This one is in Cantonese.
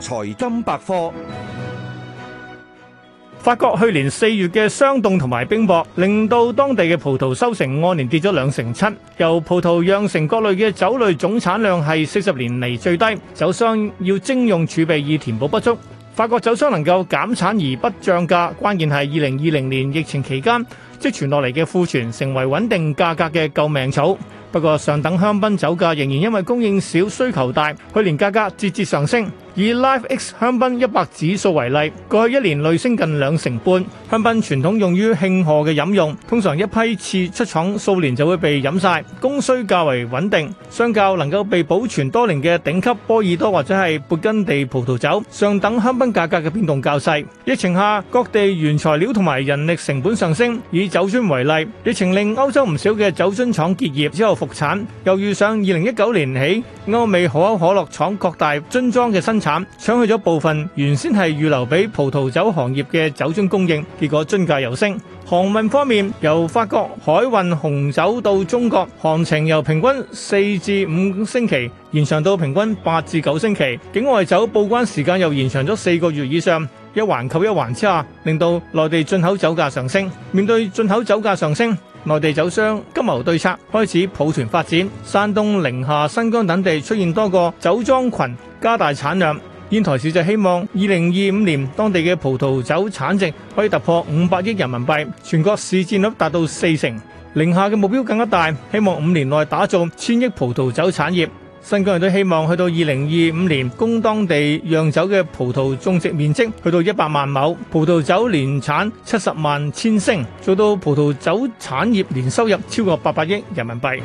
財金百科，法國去年四月嘅霜凍同埋冰雹，令到當地嘅葡萄收成按年跌咗兩成七。由葡萄釀成各類嘅酒類總產量係四十年嚟，最低，酒商要徵用儲備以填補不足。法國酒商能夠減產而不漲價，關鍵係二零二零年疫情期間積存落嚟嘅庫存成為穩定價格嘅救命草。不過，上等香檳酒價仍然因為供應少、需求大，去年價格節節上升。以 Liv-ex 香檳一百指數為例，過去一年累升近兩成半。香檳傳統用於慶賀嘅飲用，通常一批次出廠數年就會被飲晒，供需較為穩定。相較能夠被保存多年嘅頂級波爾多或者係勃根地葡萄酒，上等香檳價格嘅變動較細。疫情下，各地原材料同埋人力成本上升，以酒樽為例，疫情令歐洲唔少嘅酒樽廠結業之後復產，又遇上二零一九年起歐美可口可樂廠各大樽裝嘅新搶去咗部分原先係預留俾葡萄酒行業嘅酒樽供應，結果樽價又升。航運方面，由法國海運紅酒到中國，航程由平均四至五星期延長到平均八至九星期，境外酒報關時間又延長咗四個月以上，一環扣一環之下，令到內地進口酒價上升。面對進口酒價上升。內地酒商今謀對策，開始抱團發展，山東、寧夏、新疆等地出現多個酒莊群，加大產量。煙台市就希望二零二五年當地嘅葡萄酒產值可以突破五百億人民幣，全國市佔率達到四成。寧夏嘅目標更加大，希望五年內打造千億葡萄酒產業。新疆人都希望去到二零二五年，供當地釀酒嘅葡萄種植面積去到一百萬畝，葡萄酒年產七十萬千升，做到葡萄酒產業年收入超過八百億人民幣。